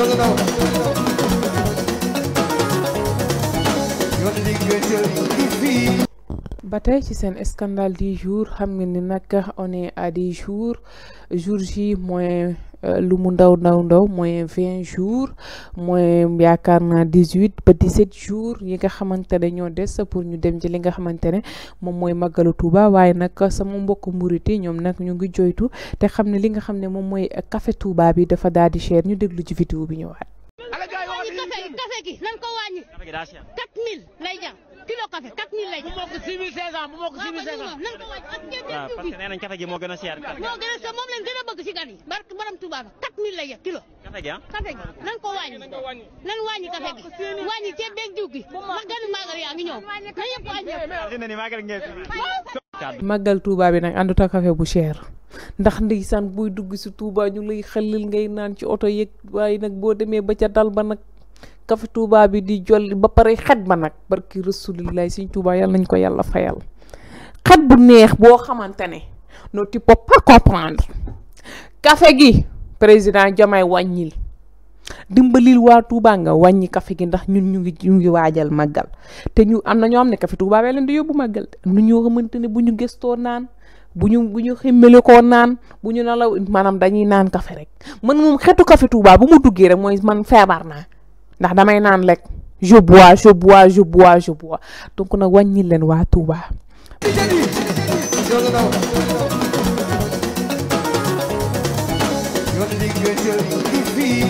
ba tey ci seen scandale du jour xam nga ni nag on est à des jours jour J moyen Euh, lu mu ndaw ndaw ndaw mooy vingt jours mooy yaakaar naa dix huit ba dix sept jours yi nga xamante ne ñoo des pour ñu dem ci li nga xamante ne moom mooy màggalu Tuuba waaye nag sama mbokk murit ñoom nag ñu ngi joytu te xam ne li nga xam ne moom mooy kafe Tuuba bi dafa daal di cher ñu déglu ci vidéo bi ñëwaat. café gi nan ko wàññi. quatre mille lay jar kilo café quatre mille lay jar. moom lañ gën a bëgg si gan barke madame Touba 4000 lay yegg kilo. café gi ah kafe gi nan ko wañi nan wañi café gi wañi ci deg diw ma gën magal ya ngi yepp dina ni magal wàññi. magal Touba bi nak andu ta café bu cher. ndax ndeysan buy dugg ci Touba ñu lay xelil ngay naan ci auto yek waaye nak bo démé ba ca dal ba nak café Touba bi di jolli ba paré xet ba nak barki rasulillahi seigne Touba yalla nañ ko yalla fayal xet bu neex bo xamantene ne no tu peux pas comprendre kafe gi président jamay wàññil dimbalil waa Touba nga wàññi kafe gi ndax ñun ñu ngi ñu ngi waajal màggal te ñu am na ñoo xam ne kafe Touba bee leen di yóbbu màggal nu ñoo xamante ne bu ñu gëstoo naan bu ñu bu naan bu ñu nalaw maanaam dañuy naan kafe rek man moom xetu kafe Touba bu mu duggee rek mooy man feebar naa ndax damay naan lekk je bois je bois je bois je nag wàññil leen waa tuuba Eu te vi.